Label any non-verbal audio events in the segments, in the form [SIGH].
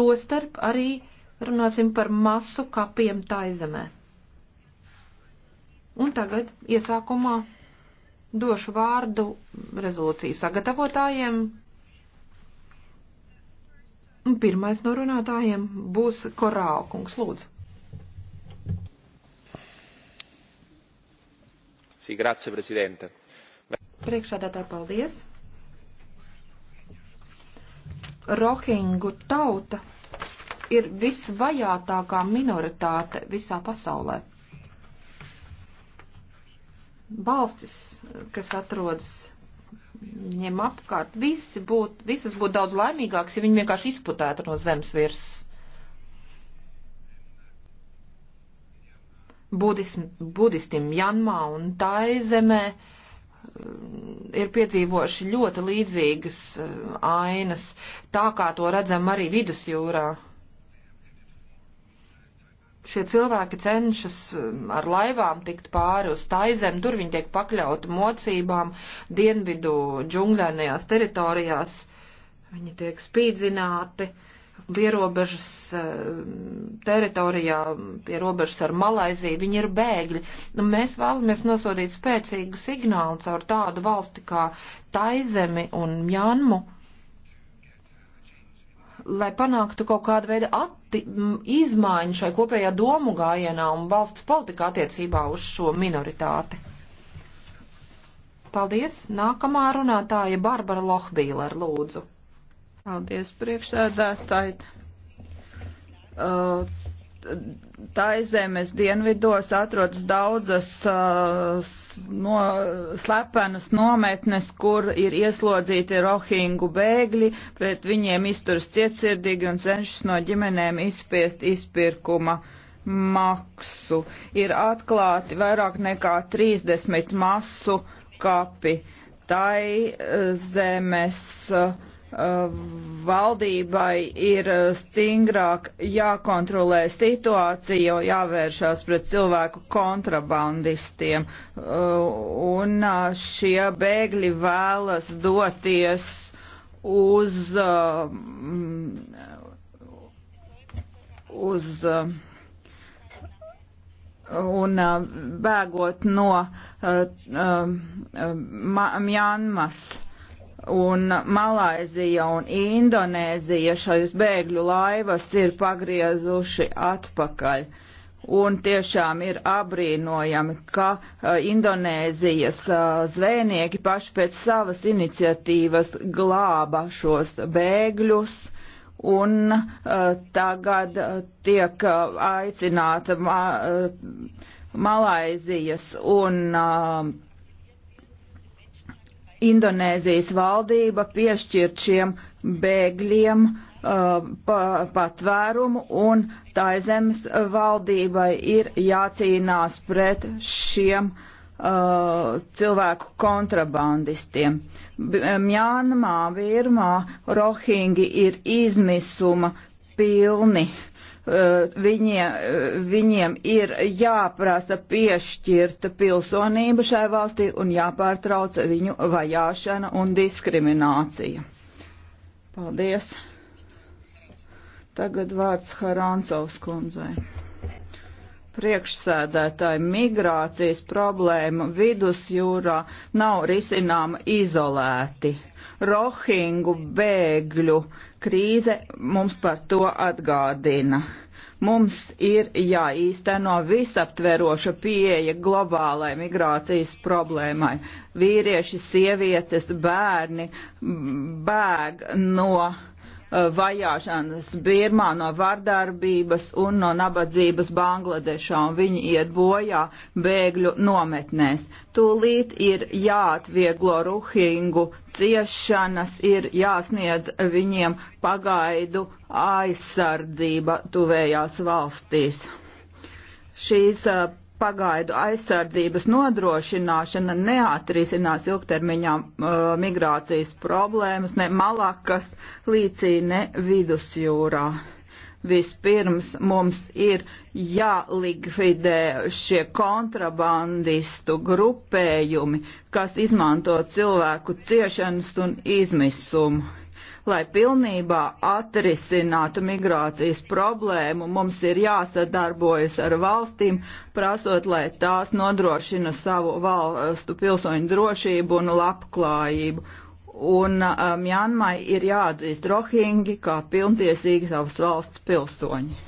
Tostarp arī runāsim par masu kapiem taizemē. Un tagad iesākumā došu vārdu rezolūciju sagatavotājiem. Pirmais no runātājiem būs Korālkungs, lūdzu. Sī, grazie, prezidente. Priekšādā tā paldies. Rohingu tauta ir visvajātākā minoritāte visā pasaulē. Balstis, kas atrodas viņiem apkārt, visi būt, visas būtu daudz laimīgāks, ja viņi vienkārši izputētu no zemes virs. Budism, budistim Janmā un Taizemē zemē ir piedzīvojuši ļoti līdzīgas e, ainas, tā kā to redzam arī vidusjūrā. Šie cilvēki cenšas e, ar laivām tikt pāri uz taizem, tur viņi tiek pakļauti mocībām, dienvidu džungļainajās teritorijās, viņi tiek spīdzināti. Uh, pie robežas eh, teritorijā, pie robežas ar Malaiziju, viņi ir bēgļi. Nu, mēs vēlamies nosodīt spēcīgu signālu caur tādu valsti kā Taizemi un Mjanmu lai panāktu kaut kādu veidu atti, izmaiņu šai kopējā domu gājienā un valsts politikā attiecībā uz šo minoritāti. Paldies! Nākamā runātāja Barbara Lohbīler, lūdzu. Paldies, priekšsēdētāji. Uh, Taizemes dienvidos atrodas daudzas uh, no, slepenas nometnes, kur ir ieslodzīti rohingu bēgļi, pret viņiem izturas cietsirdīgi un cenšas no ģimenēm izspiest izpirkuma maksu. Ir atklāti vairāk nekā 30 masu kapi. Taizemes uh, uh Uh, valdībai ir uh, stingrāk jākontrolē situācija, jāvēršās pret cilvēku kontrabandistiem. Uh, un šie bēgļi vēlas doties uz, mm, uz un bēgot no Mjanmas. Uh, uh, un Malaizija un Indonēzija šajos bēgļu laivas ir pagriezuši atpakaļ. Un tiešām ir abrīnojami, ka uh, Indonēzijas uh, zvejnieki paši pēc savas iniciatīvas glāba šos bēgļus, un uh, tagad uh, tiek uh, aicināta ma uh, Malaizijas un uh, Indonēzijas valdība piešķirt šiem bēgļiem uh, pa, patvērumu un taizemes valdībai ir jācīnās pret šiem uh, cilvēku kontrabandistiem. Eh, Mjānmā, Virmā, Rohingi ir izmisuma pilni uh, Eh, viņiem, eh, viņiem ir jāprasa piešķirta pilsonība šai valstī un jāpārtrauc viņu vajāšana un diskriminācija. Paldies! Tagad vārds Harāncovs kundzei priekšsēdētāji, migrācijas problēma vidusjūrā nav risināma izolēti. Rohingu bēgļu krīze mums par to atgādina. Mums ir jāīsteno visaptveroša pieeja globālai migrācijas problēmai. Vīrieši, sievietes, bērni bēg no Uh, vajāšanas Birmā, no vardarbības un no nabadzības Bangladešā, un viņi iet bojā bēgļu nometnēs. Tūlīt ir jāatvieglo ruhingu ciešanas, ir jāsniedz viņiem pagaidu aizsardzība tuvējās valstīs. Šīs uh, pagaidu aizsardzības nodrošināšana neatrisinās ilgtermiņā uh, migrācijas problēmas ne Malakas līcī, ne Vidusjūrā. Vispirms mums ir jālikvidē šie kontrabandistu grupējumi, kas izmanto cilvēku ciešanas un izmisumu Lai pilnībā atrisinātu migrācijas problēmu, mums ir jāsadarbojas ar valstīm, prasot, lai tās nodrošina savu valstu pilsoņu drošību un labklājību. Un uh, Mjanmai um, ir jāatzīst rohingi kā pilntiesīgi savas valsts pilsoņi.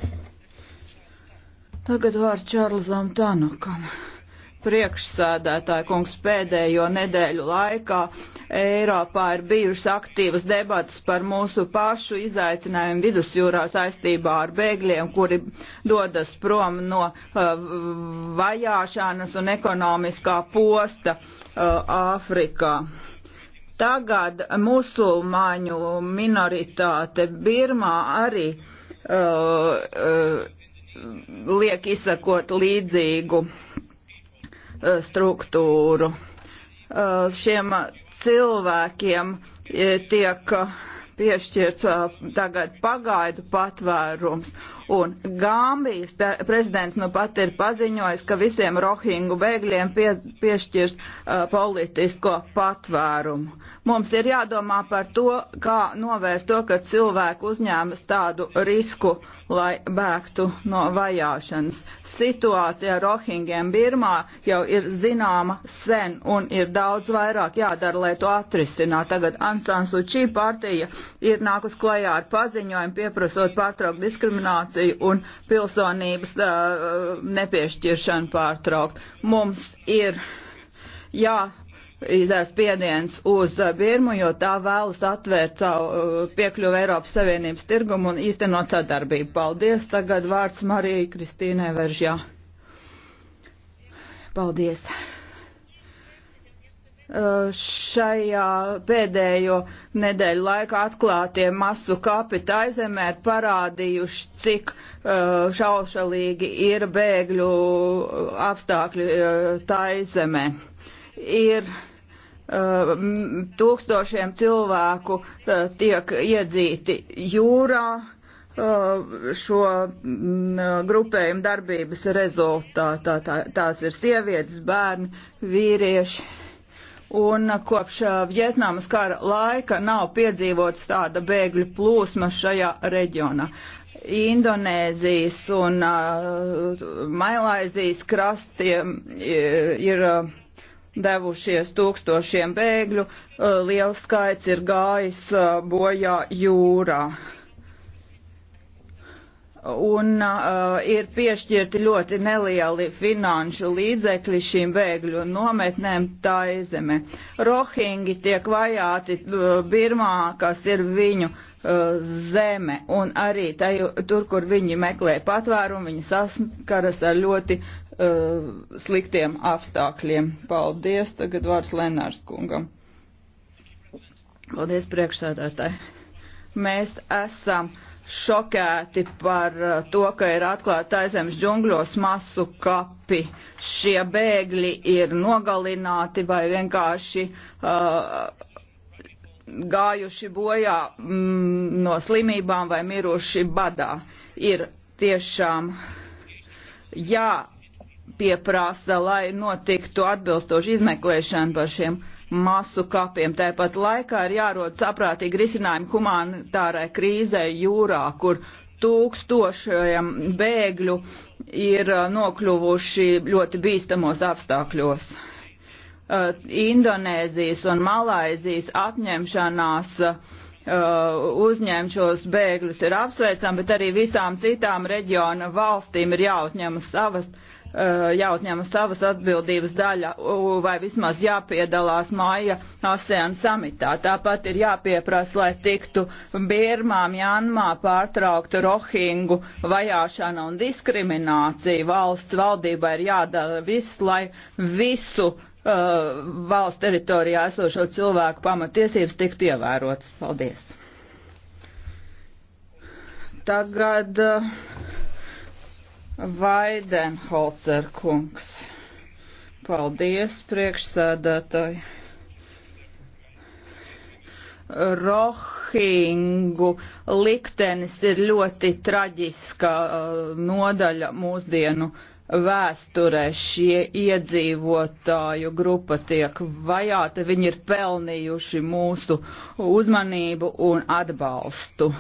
Tagad vārds Čārlzam Tanakam priekšsēdētāja kungs pēdējo nedēļu laikā Eiropā ir bijušas aktīvas debatas par mūsu pašu izaicinājumu vidusjūrā saistībā ar bēgļiem, kuri dodas prom no uh, vajāšanas un ekonomiskā posta uh, Āfrikā. Tagad musulmaņu minoritāte Birmā arī uh, uh, liek izsakot līdzīgu uh, Eh, struktūru. Eh, šiem cilvēkiem eh, tiek piešķirts tagad pagaidu patvērums Un Gambijas prezidents nu pat ir paziņojis, ka visiem rohingu bēgļiem pie, piešķirs uh, politisko patvērumu. Mums ir jādomā par to, kā novērst to, ka cilvēku uzņēmas tādu risku, lai bēgtu no vajāšanas. Situācija rohingiem Birmā jau ir zināma sen un ir daudz vairāk jādara, lai to atrisināt. Tagad Ansans Lučī partija ir nākus klajā ar paziņojumu pieprasot pārtraukt diskrimināciju migrāciju un pilsonības nepiešķiršanu pārtraukt. Mums ir jā izdara spiediens uz Birmu, jo tā vēlas atvērt savu piekļuvu Eiropas Savienības tirgumu un īstenot sadarbību. Paldies. Tagad vārds Marijai Kristīnai Veržjā. Paldies. Eh, šajā pēdējo nedēļu laikā atklātie masu kapita aizemē ir parādījuši, cik eh, šaušalīgi ir bēgļu eh, apstākļi tā aizemē. Ir tūkstošiem cilvēku tiek iedzīti jūrā šo grupējumu darbības rezultātā. Tās ir sievietes, bērni, vīrieši un kopš uh, Vietnamas kara laika nav piedzīvots tāda bēgļu plūsma šajā reģionā. Indonēzijas un uh, Mailāzijas krastiem ir, ir uh, devušies tūkstošiem bēgļu, uh, liels skaits ir gājis uh, bojā jūrā. Uh, un uh, ir piešķirti ļoti nelieli finanšu līdzekļi šīm bēgļu nometnēm Taizeme. Rohingi tiek vajāti uh, Birmā, kas ir viņu uh, zeme, un arī taju, tur, kur viņi meklē patvērumu, viņi saskaras ar ļoti uh, sliktiem apstākļiem. Paldies, tagad vārds Lenārs kungam. Paldies priekšsēdētāji. Mēs esam uh, šokēti par uh, to, ka ir atklāta aizemes džungļos masu kapi. Šie bēgļi ir nogalināti vai vienkārši uh, gājuši bojā mm, no slimībām vai miruši badā. Ir tiešām jāpieprasa, lai notiktu atbilstoši izmeklēšana par šiem masu kapiem. Tāpat laikā ir jārod saprātīgi risinājumi humanitārai krīzē jūrā, kur tūkstošiem bēgļu ir uh, nokļuvuši ļoti bīstamos apstākļos. Uh, Indonēzijas un Malaizijas apņemšanās uh, uzņemt šos bēgļus ir apsveicama, bet arī visām citām reģiona valstīm ir jāuzņemas savas uh, Uh, jāuzņemas savas atbildības daļa vai vismaz jāpiedalās māja ASEAN samitā. Tāpat ir jāpieprasa, lai tiktu Birmā, Mjanmā pārtraukta rohingu vajāšana un diskriminācija. Valsts valdībai ir jādara viss, lai visu uh, valsts teritorijā esošo cilvēku pamatiesības tiktu ievērotas. Paldies! Tagad uh, Vaidenholzer kungs. Paldies, priekšsēdētāji. Rohingu liktenis ir ļoti traģiska uh, nodaļa mūsdienu vēsturē. Šie iedzīvotāju grupa tiek vajāta, viņi ir pelnījuši mūsu uzmanību un atbalstu.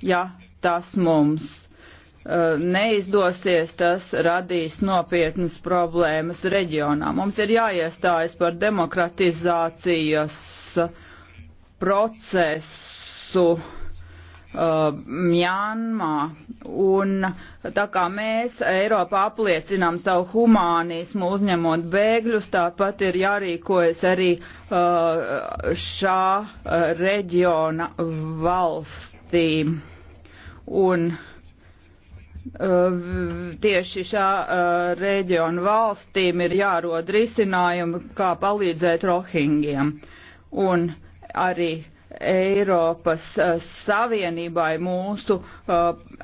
Ja tas mums Uh, neizdosies, tas radīs nopietnas problēmas reģionā. Mums ir jāiestājas par demokratizācijas procesu uh, Mjanmā. Un tā kā mēs Eiropā apliecinām savu humānismu uzņemot bēgļus, tāpat ir jārīkojas arī uh, šā reģiona valstīm. Un uh, Eh, tieši šā eh, reģiona valstīm ir jārod risinājumi, kā palīdzēt rohingiem. Un arī Eiropas eh, Savienībai mūsu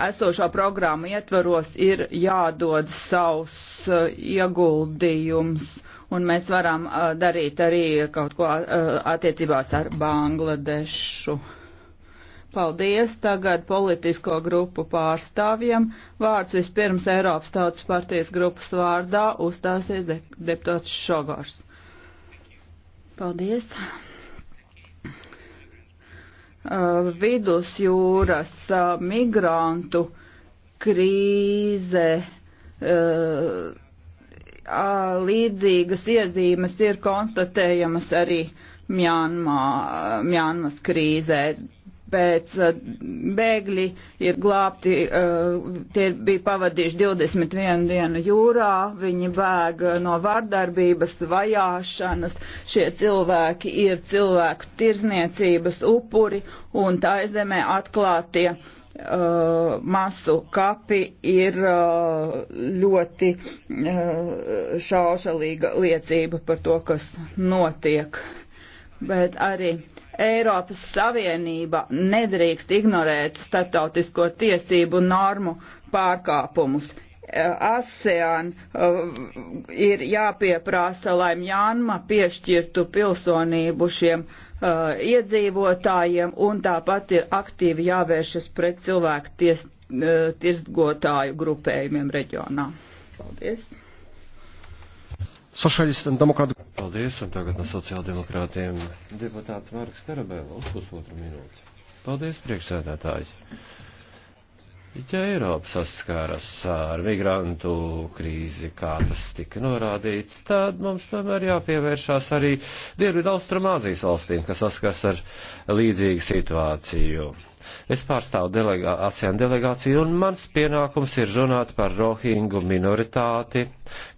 esošā programma ietvaros ir jādod savs ieguldījums, un mēs varam darīt arī kaut ko attiecībās ar Bangladešu. Paldies tagad politisko grupu pārstāvjiem. Vārds vispirms Eiropas Tautas partijas grupas vārdā uzstāsies de deputāts Šogors. Paldies. Uh, vidusjūras uh, migrantu krīze. Uh, līdzīgas iezīmes ir konstatējamas arī Mjanmā, Mjanmas krīzē kāpēc eh, bēgļi ir glābti, eh, tie bija pavadījuši 21 dienu jūrā, viņi bēg no vardarbības, vajāšanas, šie cilvēki ir cilvēku tirzniecības upuri un tā aizemē atklātie uh, masu kapi ir uh, ļoti uh, šaušalīga liecība par to, kas notiek. Bet arī Eiropas Savienība nedrīkst ignorēt starptautisko tiesību normu pārkāpumus. ASEAN uh, ir jāpieprasa, lai Mjānma piešķirtu pilsonību šiem uh, iedzīvotājiem un tāpat ir aktīvi jāvēršas pret cilvēku ties, uh, tirsgotāju grupējumiem reģionā. Paldies! Socialistu un demokrātu. Paldies, un tagad no sociāldemokrātiem deputāts Marks Tarabēla uz pusotru minūti. Paldies, priekšsēdētāji. Ja Eiropa saskāras ar migrantu krīzi, kā tas tika norādīts, tad mums tomēr jāpievēršās arī Dienvidu Austrumāzijas valstīm, kas saskars ar līdzīgu situāciju. Es pārstāvu delegā, ASEAN delegāciju un mans pienākums ir runāt par rohingu minoritāti,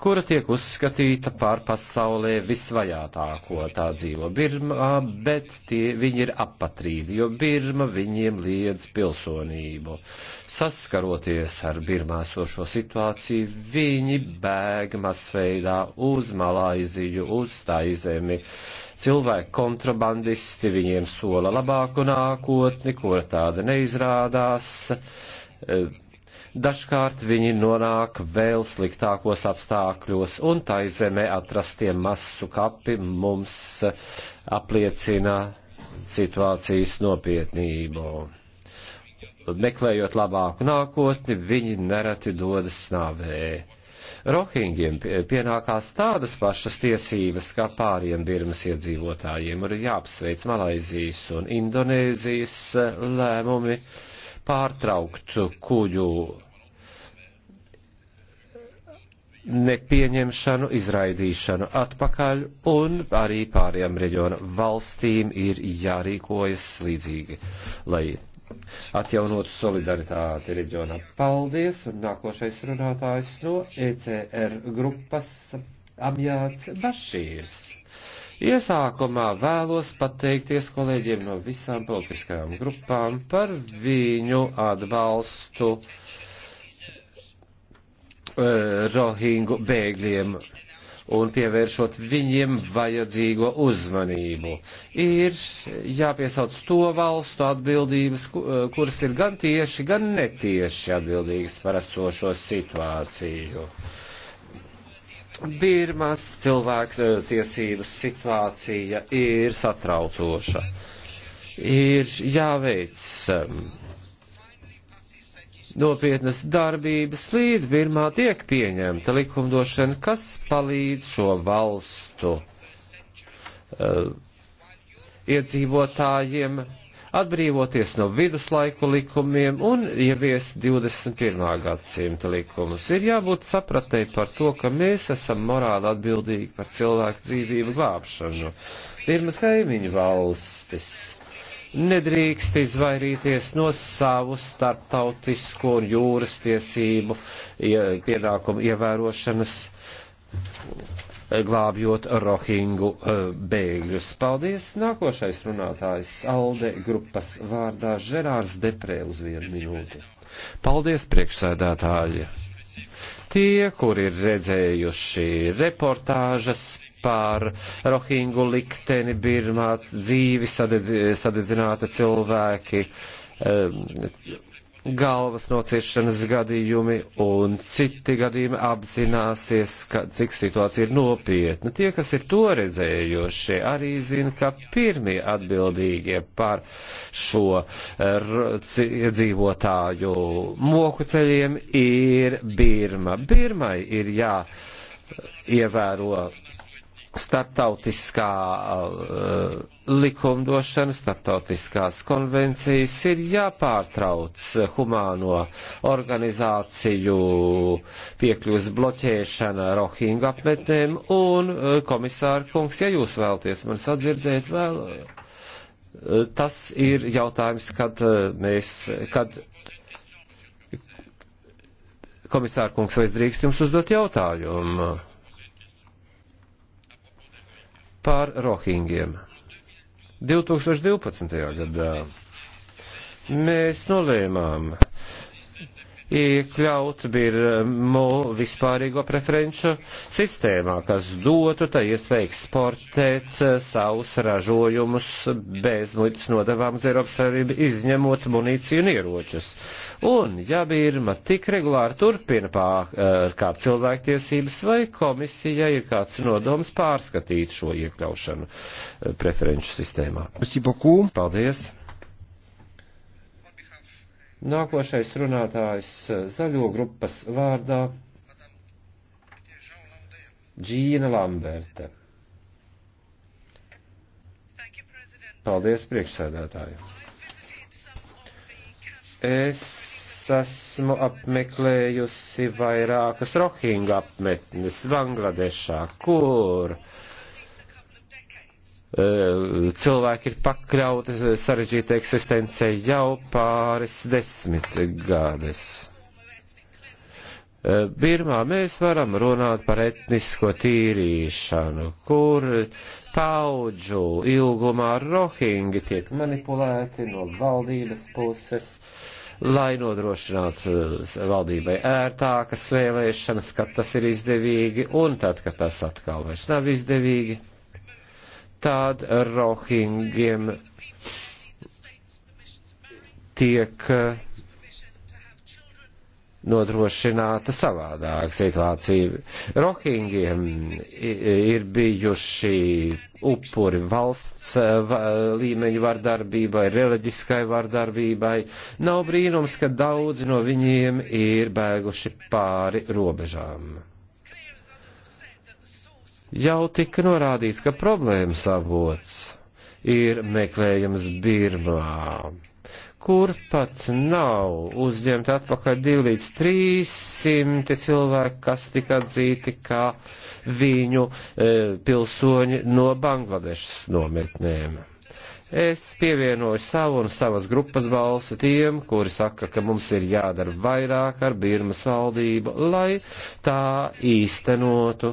kura tiek uzskatīta par pasaulē visvajātāko tā dzīvo Birmā, bet tie, viņi ir apatrīdi, jo Birma viņiem liedz pilsonību. Saskaroties ar Birmā sošo situāciju, viņi bēg masveidā uz Malaiziju, uz Taizemi. zemi cilvēki kontrabandisti, viņiem sola labāku nākotni, kura tāda neizrādās. E, dažkārt viņi nonāk vēl sliktākos apstākļos, un tai zemē atrastie masu kapi mums apliecina situācijas nopietnību meklējot labāku nākotni, viņi nereti dodas nāvē. Rohingiem pienākās tādas pašas tiesības kā pāriem Birmas iedzīvotājiem, un ir jāapsveic Malaizijas un Indonēzijas eh, lēmumi pārtraukt kuģu nepieņemšanu, izraidīšanu atpakaļ, un arī pārējām reģiona valstīm ir jārīkojas līdzīgi, lai atjaunot solidaritāti reģionā. Paldies, un nākošais runātājs no ECR grupas Amjāts Bašīrs. Iesākumā vēlos pateikties kolēģiem no visām politiskajām grupām par viņu atbalstu eh, Rohingu bēgļiem un pievēršot viņiem vajadzīgo uzmanību. Ir jāpiesauc to valstu atbildības, eh, kuras ir gan tieši, gan netieši atbildīgas par esošo situāciju. Birmas cilvēks eh, tiesības situācija ir satraucoša. Ir jāveic ehm, nopietnas darbības, līdz Birmā tiek pieņemta likumdošana, kas palīdz šo valstu uh, iedzīvotājiem atbrīvoties no viduslaiku likumiem un ievies 21. gadsimta likumus. Ir jābūt sapratē par to, ka mēs esam morāli atbildīgi par cilvēku dzīvību glābšanu. Pirmas kaimiņu valstis nedrīkst izvairīties no savu starptautisko un jūras tiesību pienākumu ievērošanas glābjot rohingu e, bēgļus. Paldies! Nākošais runātājs Alde grupas vārdā Žerārs Deprē uz vienu minūti. Paldies, priekšsēdētāji! Tie, kur ir redzējuši reportāžas par rohingu likteni Birmā, dzīvi sadedz, sadedzināta cilvēki, eh, galvas nociešanas gadījumi un citi gadījumi apzināsies, ka, cik situācija ir nopietna. Tie, kas ir to redzējušie, arī zina, ka pirmie atbildīgie par šo eh, dzīvotāju moku ceļiem ir Birma. Birmai ir jā ievēro starptautiskā uh, likumdošana, starptautiskās konvencijas ir jāpārtrauc humāno organizāciju piekļuvas bloķēšana rohingu apmetnēm un uh, komisāra kungs, ja jūs vēlties man sadzirdēt vēl, uh, tas ir jautājums, kad uh, mēs, kad komisāra kungs, vai es drīkst jums uzdot jautājumu? pār Rohingiem. 2012. gadā mēs nolēmām iekļaut birmu vispārīgo preferenču sistēmā, kas dotu tai iespēju eksportēt eh, savus ražojumus bez muitas nodevām uz Eiropas Savienību, izņemot munīciju un ieročus. Un, ja birma tik regulāri turpina pārkāpt cilvēktiesības, vai komisija ir kāds nodoms pārskatīt šo iekļaušanu eh, preferenču sistēmā? Paldies! Nākošais runātājs eh, zaļo grupas vārdā Džīna Lamberta. Paldies priekšsēdētāju. Es esmu apmeklējusi vairākas rohinga apmetnes Bangladešā, kur uh, Eh, cilvēki ir pakļauti sarežģīta eksistencē jau pāris desmit gadus. Eh, Birmā mēs varam runāt par etnisko tīrīšanu, kur paudžu ilgumā rohingi tiek manipulēti no valdības puses, lai nodrošinātu eh, valdībai ērtākas vēlēšanas, kad tas ir izdevīgi, un tad, kad tas atkal vairs nav izdevīgi tad rohingiem tiek eh, nodrošināta savādāka situācija. Rohingiem ir bijuši upuri valsts eh, līmeņu vardarbībai, reliģiskai vardarbībai. Nav brīnums, ka daudzi no viņiem ir bēguši pāri robežām. Jau tika norādīts, ka problēmas avots ir meklējams Birmā, kur pat nav uzņemta atpakaļ 2 līdz 300 cilvēki, kas tika atzīti kā viņu e, pilsoņi no Bangladešas nometnēm. Es pievienoju savu un savas grupas balsi tiem, kuri saka, ka mums ir jādara vairāk ar Birmas valdību, lai tā īstenotu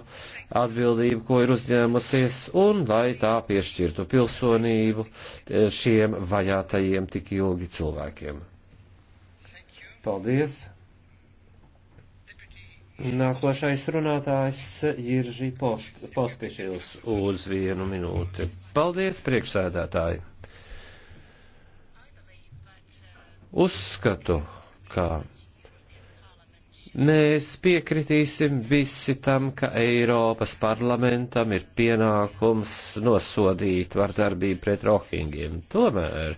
atbildību, ko ir uzņēmusies, un lai tā piešķirtu pilsonību e, šiem vajātajiem tik ilgi cilvēkiem. Paldies! Nākošais runātājs ir Pospiešils uz vienu minūti. Paldies, priekšsēdētāji! Uzskatu, ka Mēs piekritīsim visi tam, ka Eiropas parlamentam ir pienākums nosodīt vardarbību pret rohingiem. Tomēr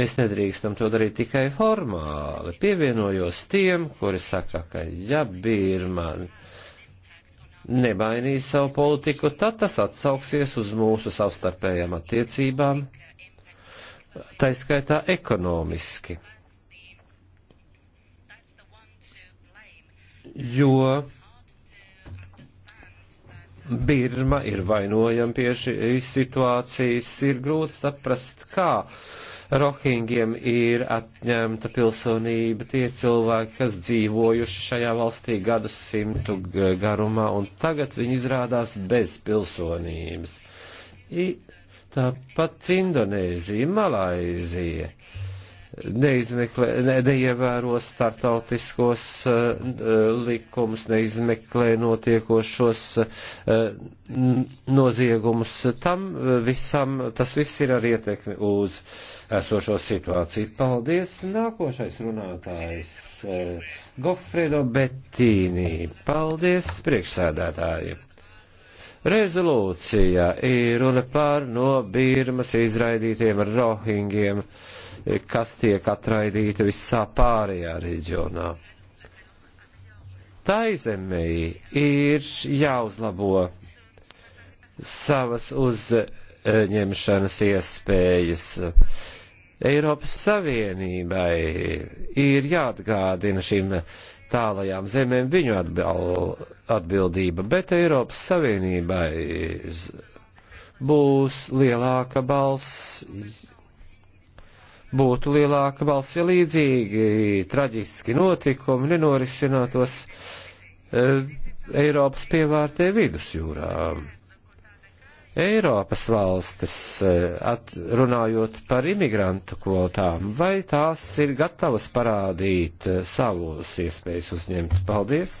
mēs nedrīkstam to darīt tikai formāli. Pievienojos tiem, kuri saka, ka ja Birman nemainīs savu politiku, tad tas atsauksies uz mūsu savstarpējām attiecībām, taiskaitā ekonomiski jo Birma ir vainojama pie šīs situācijas, ir grūti saprast, kā Rohingiem ir atņemta pilsonība tie cilvēki, kas dzīvojuši šajā valstī gadu simtu garumā, un tagad viņi izrādās bez pilsonības. I, tāpat Indonēzija, Malaizija neizmeklē, ne, neievēro startautiskos uh, likumus, neizmeklē notiekošos uh, noziegumus. Tam visam, tas viss ir ar ietekmi uz esošo situāciju. Paldies! Nākošais runātājs uh, eh, Gofredo Bettīnī. Paldies, priekšsēdētāji! Rezolūcija ir runa par no Birmas izraidītiem rohingiem. Uh, kas tiek atraidīti visā pārējā reģionā. Tai zemē ir jāuzlabo savas uzņemšanas iespējas. Eiropas Savienībai ir jāatgādina šīm tālajām zemēm viņu atbildība, bet Eiropas Savienībai būs lielāka balss būtu lielāka balss, ja līdzīgi traģiski notikumi nenorisinātos e, Eiropas pievārtē vidusjūrā. Eiropas valstis, e, runājot par imigrantu kvotām, vai tās ir gatavas parādīt e, savus iespējas uzņemt? Paldies!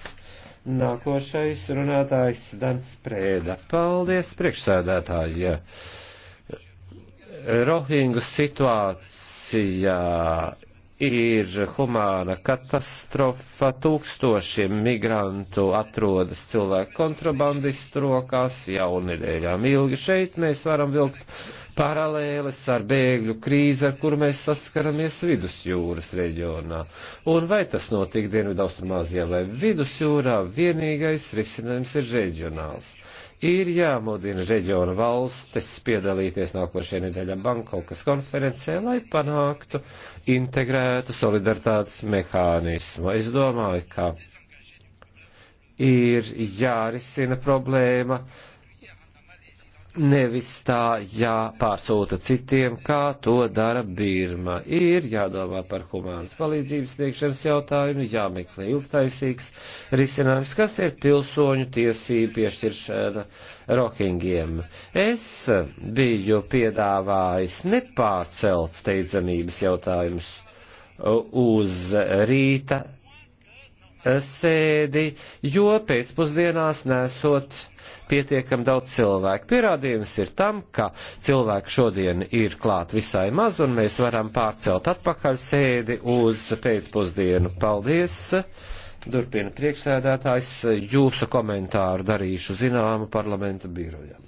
Nākošais runātājs Dans Prēda. Paldies, priekšsēdētāji! Rohingu situācija Turcijā ir humāna katastrofa, tūkstošiem migrantu atrodas cilvēku kontrabandistu rokās jau nedēļām ilgi. Šeit mēs varam vilkt paralēles ar bēgļu krīzi, ar kuru mēs saskaramies vidusjūras reģionā. Un vai tas notiek Dienvidaustrumāzijā vai vidusjūrā, vienīgais risinājums ir reģionāls ir jāmudina reģiona valstis piedalīties nākošajā nedēļā Bankokas konferencē, lai panāktu integrētu solidaritātes mehānismu. Es domāju, ka ir jārisina problēma nevis tā jāpārsūta citiem, kā to dara Birma. Ir jādomā par humānas palīdzības sniegšanas jautājumu, jāmeklē ilgtaisīgs risinājums, kas ir pilsoņu tiesību piešķiršana rohingiem. Es biju piedāvājis nepārcelt steidzamības jautājumus uz rīta sēdi, jo pēcpusdienās nesot pietiekam daudz cilvēku. Pierādījums ir tam, ka cilvēku šodien ir klāt visai maz, un mēs varam pārcelt atpakaļ sēdi uz pēcpusdienu. Paldies! Turpina priekšsēdētājs, jūsu komentāru darīšu zināmu parlamenta birojam.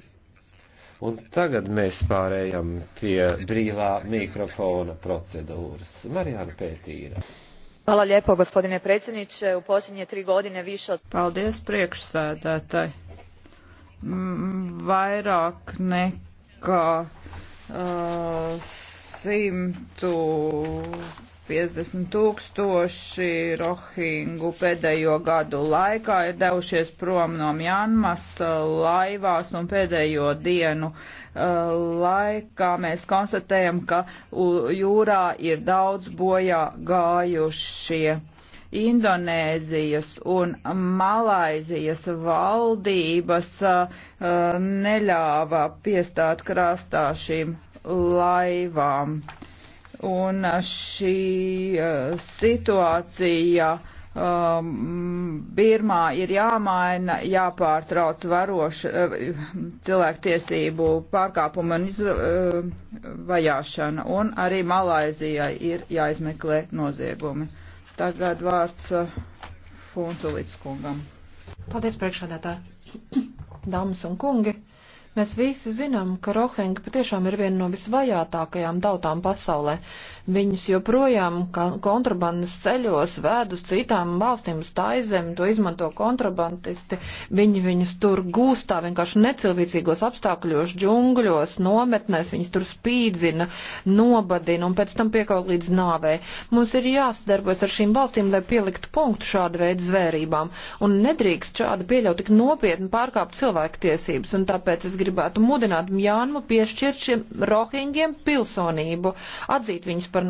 Un tagad mēs pārējām pie brīvā mikrofona procedūras. Marijāna Pētīra. Lijepo, gospodine predsjedniče u posljednje tri godine više od. paldies priekšsēdētāji mm, vairāk nekā uh, simtu 50 tūkstoši rohingu pēdējo gadu laikā ir devušies prom no Mjanmas uh, laivās un pēdējo dienu uh, laikā mēs konstatējam, ka jūrā ir daudz bojā gājušie. Indonēzijas un Malaizijas valdības uh, neļāva piestāt krastā šīm laivām. Uh, Un uh, šī uh, situācija um, Birmā ir jāmaina, jāpārtrauc varoša uh, cilvēktiesību pārkāpuma un iz, uh, vajāšana. Un arī Malaizijai ir jāizmeklē noziegumi. Tagad vārds uh, Funculīts kungam. Paldies priekšādātā. [CLEARS THROAT] Dāmas un kungi. Mēs visi zinām, ka Rohingi patiešām ir viena no visvajātākajām tautām pasaulē. Viņus joprojām kontrabandas ceļos ved uz citām valstīm, uz taizem, to izmanto kontrabandisti. Viņi viņus tur gūstā vienkārši necilvēcīgos apstākļos, džungļos, nometnēs, viņus tur spīdzina, nobadina un pēc tam piekaut līdz nāvei. Mums ir jāsadarbojas ar šīm valstīm, lai pieliktu punktu šāda veida zvērībām. Un nedrīkst šādi pieļaut tik nopietni pārkāpt cilvēku tiesības. Un tāpēc es gribētu mudināt Mjānmu piešķirt šiem rohingiem pilsonību, atzīt viņus par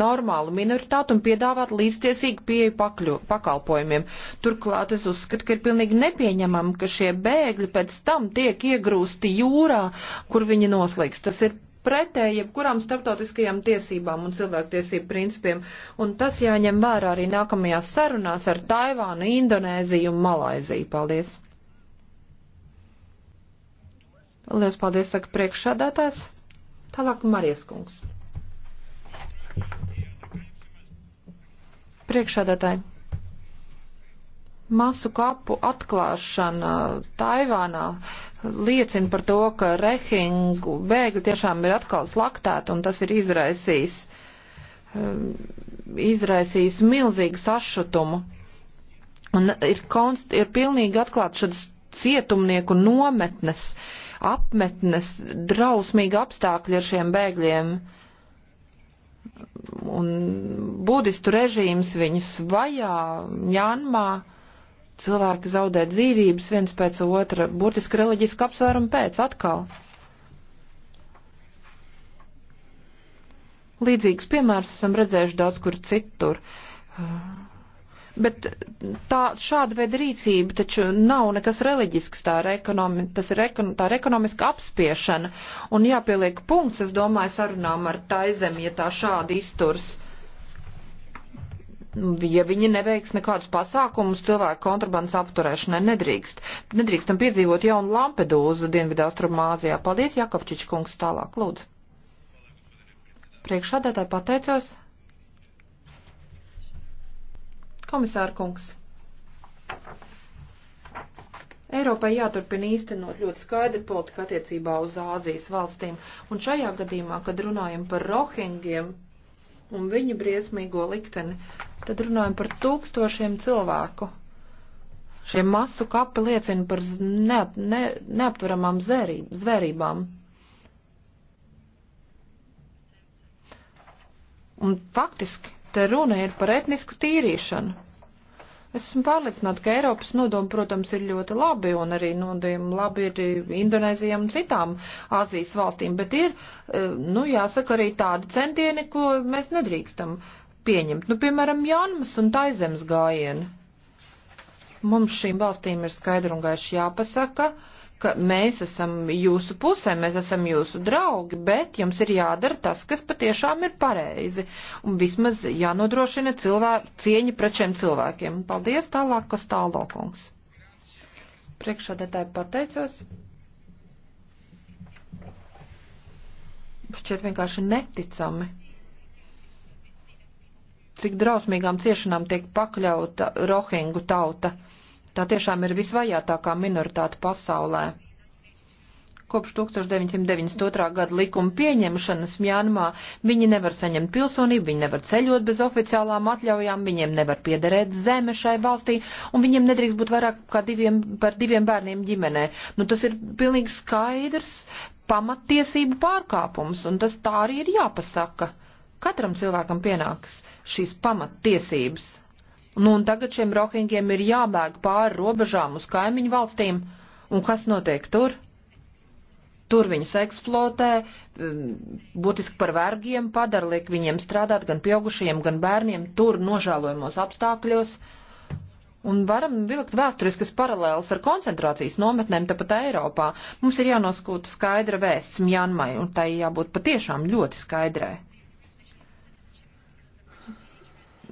normālu minoritātu un piedāvāt līdztiesīgu pieeju pakļu, pakalpojumiem. Turklāt es uzskatu, ka ir pilnīgi nepieņemam, ka šie bēgļi pēc tam tiek iegrūsti jūrā, kur viņi noslīgs. Tas ir pretēji jebkurām starptautiskajām tiesībām un cilvēktiesību principiem, un tas jāņem vērā arī nākamajās sarunās ar Taivānu, Indonēziju un Malaiziju. Paldies! Lielas paldies, saka priekšsādātājs. Tālāk Marijas kungs. Priekšsādātāji. Masu kapu atklāšana Taivānā liecina par to, ka rehingu bēgļi tiešām ir atkal slaktēti un tas ir izraisījis, um, izraisījis milzīgu sašutumu. Un ir, konst, ir pilnīgi atklāts šādas cietumnieku nometnes. Uh, apmetnes, drausmīgi apstākļi ar šiem bēgļiem. Un budistu režīms viņus vajā Janmā. Cilvēki zaudē dzīvības viens pēc otra, burtiski reliģiski apsvērumu pēc atkal. Līdzīgs piemērs esam redzējuši daudz kur citur. Uh, Bet tā, šāda veida rīcība taču nav nekas reliģisks, tā ir, ekonomi, tas ir, ekon, tā ir ekonomiska apspiešana. Un jāpieliek punkts, es domāju, sarunām ar Taizem, ja tā šādi izturs. Ja viņi neveiks nekādus pasākumus cilvēku kontrabandas apturēšanai, nedrīkst. Nedrīkstam piedzīvot jaunu Lampedūzu Dienvidaustrumāzijā. Paldies, Jakovčič kungs, tālāk, lūdzu. Priekšādētāji pateicos. Komisāra kungs. Eiropai jāturpina īstenot ļoti skaidru politiku attiecībā uz Āzijas valstīm, un šajā gadījumā, kad runājam par rohingiem un viņu briesmīgo likteni, tad runājam par tūkstošiem cilvēku. Šie masu kapi liecina par ne, ne, neaptveramām zvērīb, zvērībām. Un faktiski Te runa ir par etnisku tīrīšanu. Es esmu pārliecināta, ka Eiropas nodomi, protams, ir ļoti labi, un arī nodomi labi ir Indonēzijam un citām Āzijas valstīm, bet ir, eh, nu, jāsaka, arī tādi centieni, ko mēs nedrīkstam pieņemt. Nu, piemēram, Jānmas un Taizemes gājieni. Mums šīm valstīm ir skaidri un gaiši jāpasaka, uh, ka mēs esam jūsu pusē, mēs esam jūsu draugi, bet jums ir jādara tas, kas patiešām ir pareizi. Un vismaz jānodrošina cilvēku cieņa pret šiem cilvēkiem. Paldies tālāk, Kostālo kungs. Priekšādētāji pateicos. Šķiet vienkārši neticami cik drausmīgām ciešanām tiek pakļauta rohingu tauta. Tā tiešām ir visvajātākā minoritāte pasaulē. Kopš 1992. gada likuma pieņemšanas Mjānmā viņi nevar saņemt pilsonību, viņi nevar ceļot bez oficiālām atļaujām, viņiem nevar piederēt zeme šai valstī, un viņiem nedrīkst būt vairāk kā diviem, par diviem bērniem ģimenē. Nu, tas ir pilnīgi skaidrs pamattiesību pārkāpums, un tas tā arī ir jāpasaka. Katram cilvēkam pienāks šīs pamattiesības Nu, un tagad šiem rohingiem ir jābēg pāri robežām uz kaimiņu valstīm. Un kas notiek tur? Tur viņus eksploatē, būtiski par vergiem padara, liek viņiem strādāt gan pieaugušajiem, gan bērniem, tur nožēlojamos apstākļos. Un varam vilkt vēsturiskas paralēlas ar koncentrācijas nometnēm tepat Eiropā. Mums ir jānoskūta skaidra vēsts Mjanmai, un tai jābūt patiešām ļoti skaidrai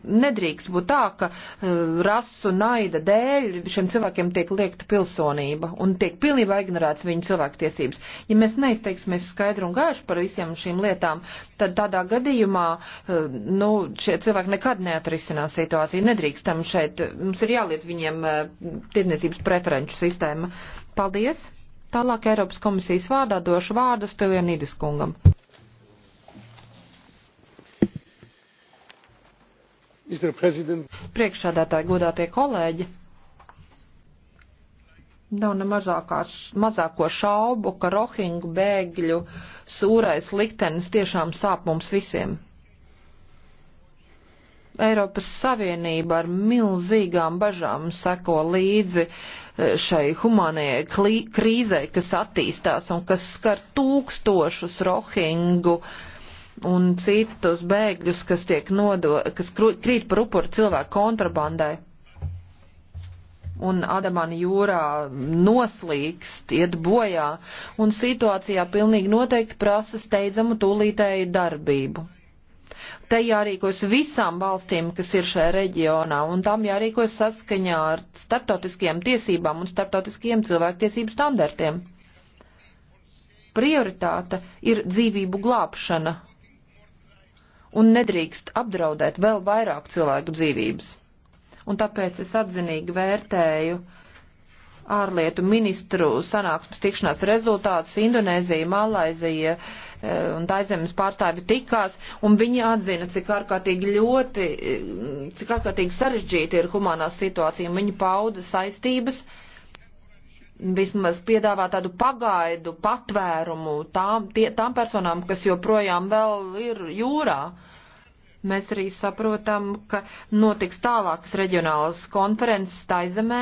nedrīkst būt tā, ka uh, rasu naida dēļ šiem cilvēkiem tiek liekta pilsonība un tiek pilnībā ignorēts viņu cilvēktiesības. Ja mēs neizteiksimies skaidri un gaiši par visiem šīm lietām, tad tādā gadījumā uh, nu, šie cilvēki nekad neatrisinās situāciju. Nedrīkstam šeit, mums ir jāliec viņiem uh, eh, tirniecības preferenču sistēma. Paldies! Tālāk Eiropas komisijas vārdā došu vārdu Stilienīdis kungam. Priekšsādātāji, godātie kolēģi, nav ne mazākās, mazāko šaubu, ka rohingu bēgļu sūrais liktenis tiešām sāp mums visiem. Eiropas Savienība ar milzīgām bažām seko līdzi e, šai humānajai krīzei, kas attīstās un kas skar tūkstošus rohingu uh, un citus bēgļus, kas tiek nodo, kas krīt par upuru cilvēku kontrabandai un Adamana jūrā noslīkst, iet bojā, un situācijā pilnīgi noteikti prasa steidzamu tūlītēju darbību. Te jārīkojas visām valstīm, kas ir šajā reģionā, un tam jārīkojas saskaņā ar starptautiskajām tiesībām un starptautiskajiem cilvēktiesību standartiem. Prioritāte ir dzīvību glābšana un nedrīkst apdraudēt vēl vairāk cilvēku dzīvības. Un tāpēc es atzinīgi vērtēju ārlietu ministru sanāksmes tikšanās rezultātus. Indonēzija, Malaizija eh, un Taizemes pārstāvi tikās, un viņi atzina, cik ārkārtīgi ļoti, eh, cik ārkārtīgi sarežģīti ir humanā situācija, un viņi pauda saistības vismaz piedāvā tādu pagaidu patvērumu tām, tie, tām personām, kas joprojām vēl ir jūrā. Mēs arī saprotam, ka notiks tālākas reģionālas konferences Taizemē.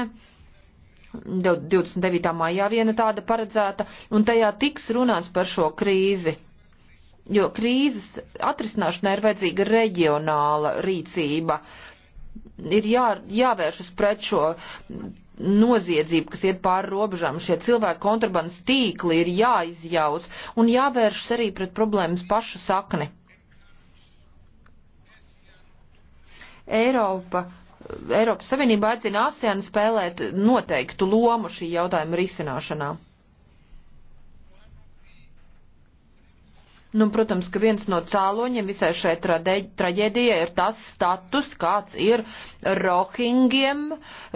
29. maijā viena tāda paredzēta, un tajā tiks runāts par šo krīzi. Jo krīzes atrisināšanai ir vajadzīga reģionāla rīcība, ir jā, jāvēršas pret šo noziedzību, kas iet pāri robežām. Šie cilvēku kontrabandas tīkli ir jāizjauc un jāvēršas arī pret problēmas pašu sakni. Eiropa, Eiropas Savienība aicina ASEAN spēlēt noteiktu lomu šī jautājuma risināšanā. Nu, protams, ka viens no cāloņiem visai šai traģēdijai ir tas status, kāds ir rohingiem,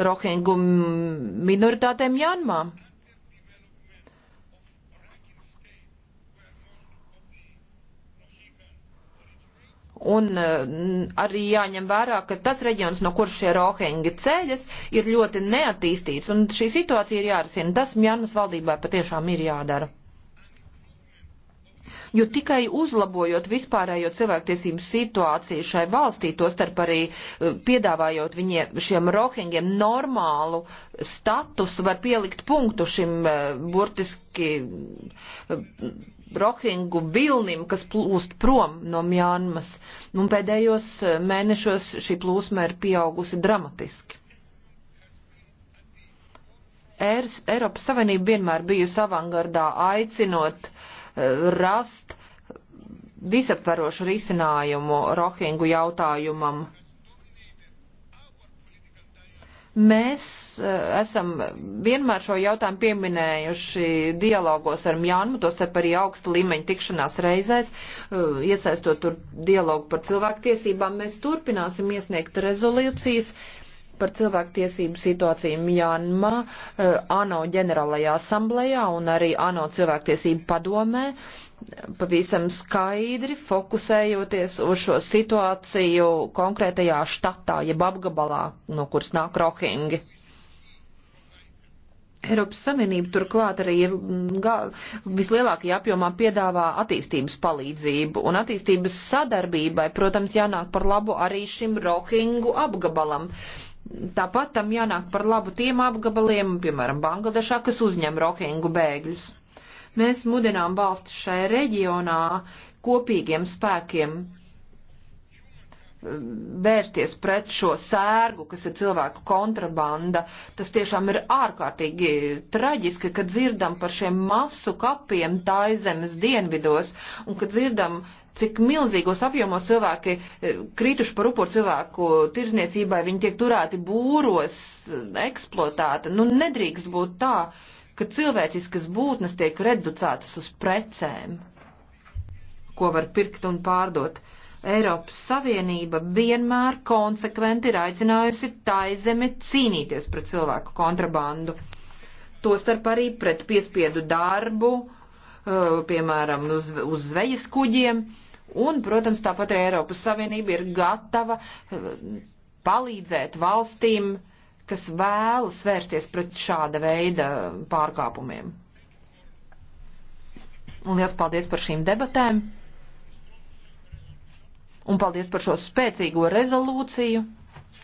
rohingu minoritātēm Janmā. Un eh, arī jāņem vērā, ka tas reģions, no kur šie rohingi ceļas, ir ļoti neattīstīts, un šī situācija ir jārisina. Tas Mjanmas valdībai patiešām ir jādara jo tikai uzlabojot vispārējo cilvēktiesību situāciju šai valstī, to starp arī eh, piedāvājot viņiem šiem rohingiem normālu statusu, var pielikt punktu šim eh, burtiski eh, rohingu vilnim, kas plūst prom no Mjānmas. Un pēdējos mēnešos šī plūsma ir pieaugusi dramatiski. Eiras, Eiropas Savienība vienmēr bijusi avangardā aicinot rast visaptvarošu risinājumu Rohingu jautājumam. Mēs eh, esam vienmēr šo jautājumu pieminējuši dialogos ar Mjānmu, tostarp arī augsta līmeņa tikšanās reizēs, eh, iesaistot tur dialogu par cilvēktiesībām. Mēs turpināsim iesniegt rezolūcijas par cilvēktiesību situāciju Mjanmā, eh, ANO ģenerālajā asamblējā un arī ANO cilvēktiesību padomē, pavisam skaidri fokusējoties uz šo situāciju konkrētajā štatā, jeb apgabalā, no kuras nāk rohingi. Eiropas Savienība turklāt arī ir mm, vislielākajā apjomā piedāvā attīstības palīdzību, un attīstības sadarbībai, protams, jānāk par labu arī šim rohingu apgabalam. Uh, Tāpat tam jānāk par labu tiem apgabaliem, piemēram, Bangladešā, kas uzņem rohingu bēgļus. Mēs mudinām valstis šai reģionā kopīgiem spēkiem um, vērsties pret šo sērgu, kas ir cilvēku kontrabanda. Tas tiešām ir ārkārtīgi traģiski, kad dzirdam par šiem masu kapiem taizemes dienvidos un kad dzirdam cik milzīgos apjomos cilvēki e, krituši par upuru cilvēku tirzniecībai, viņi tiek turēti būros, e, eksploatāti. Nu, nedrīkst būt tā, ka cilvēciskas būtnes tiek reducētas uz precēm, ko var pirkt un pārdot. Eiropas Savienība vienmēr konsekventi ir aicinājusi taizemi cīnīties pret cilvēku kontrabandu. Tostarp arī pret piespiedu darbu, e, piemēram, uz, uz zvejas kuģiem Un, protams, tāpat arī Eiropas Savienība ir gatava eh, palīdzēt valstīm, kas vēlas vērsties pret šāda veida pārkāpumiem. Un liels paldies par šīm debatēm. Un paldies par šo spēcīgo rezolūciju.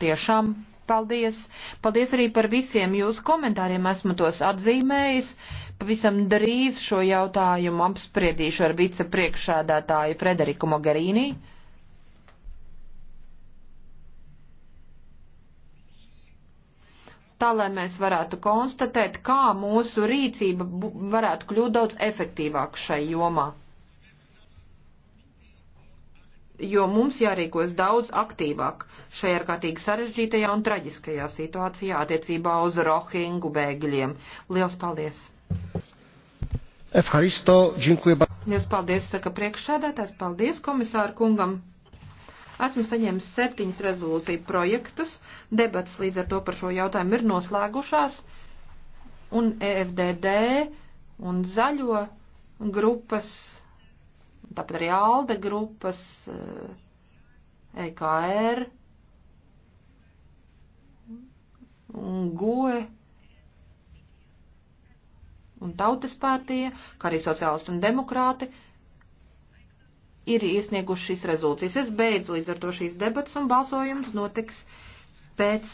Tiešām paldies. Paldies arī par visiem jūsu komentāriem. Esmu tos atzīmējis. Pavisam drīz šo jautājumu apspriedīšu ar vicepriekšādātāju Frederiku Mogherīnī. Tā, lai mēs varētu konstatēt, kā mūsu rīcība varētu kļūt daudz efektīvāk šai jomā jo mums jārīkojas daudz aktīvāk šajā ārkārtīgi sarežģītajā un traģiskajā situācijā attiecībā uz rohingu bēgļiem. Liels paldies! Efharisto, džinkuja. Liels paldies, saka priekšsēdētājs, paldies komisāru kungam. Esmu saņēmis septiņas rezolūciju projektus, debats līdz ar to par šo jautājumu ir noslēgušās, un EFDD un zaļo grupas, tāpat arī ALDE grupas, EKR eh, e un GOE un Tautas partija, kā arī sociālisti un demokrāti, ir iesnieguši šīs rezolūcijas. Es beidzu līdz ar to šīs debats un balsojums notiks pēc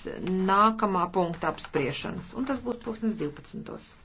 nākamā punkta apspriešanas, un tas būs 2012.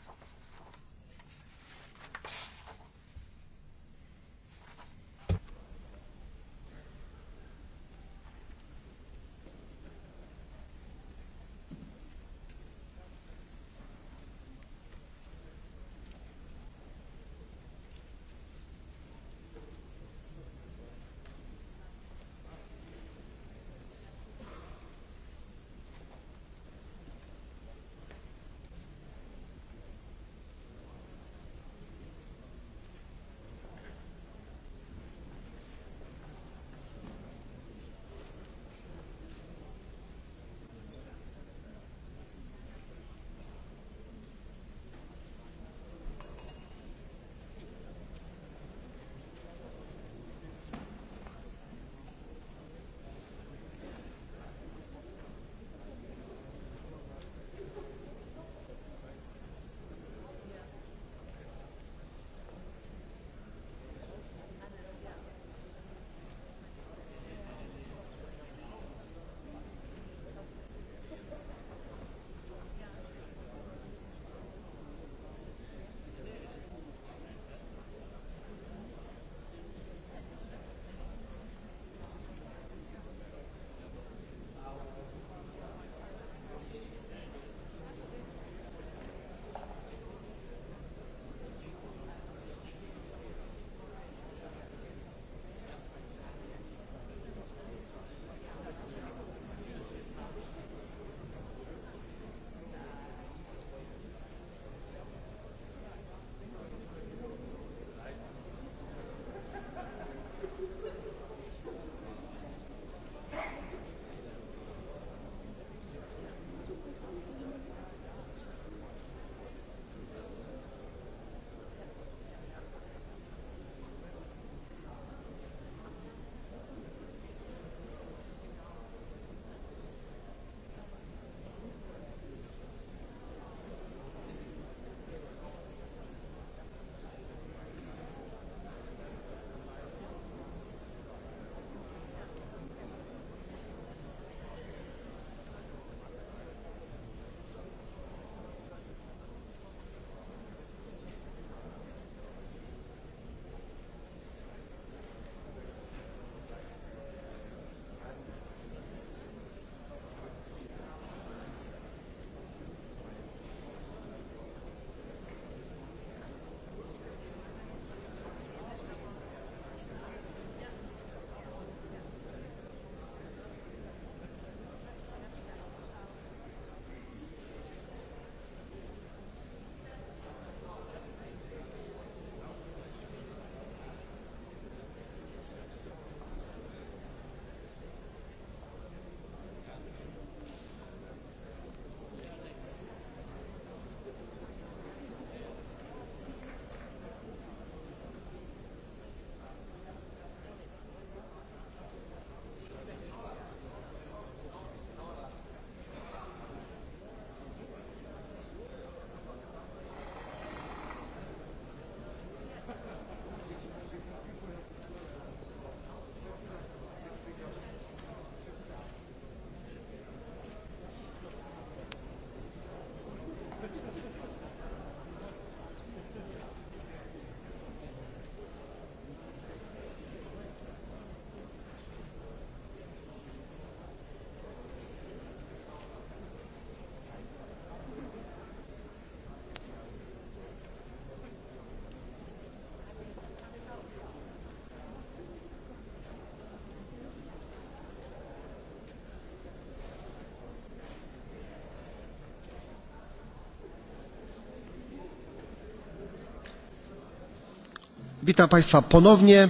witam państwa ponownie.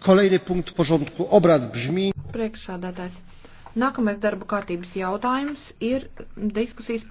kolejny punkt porządku obrad brzmi Priekšsādātājs. Nākamais darba kārtības jautājums ir diskusijas par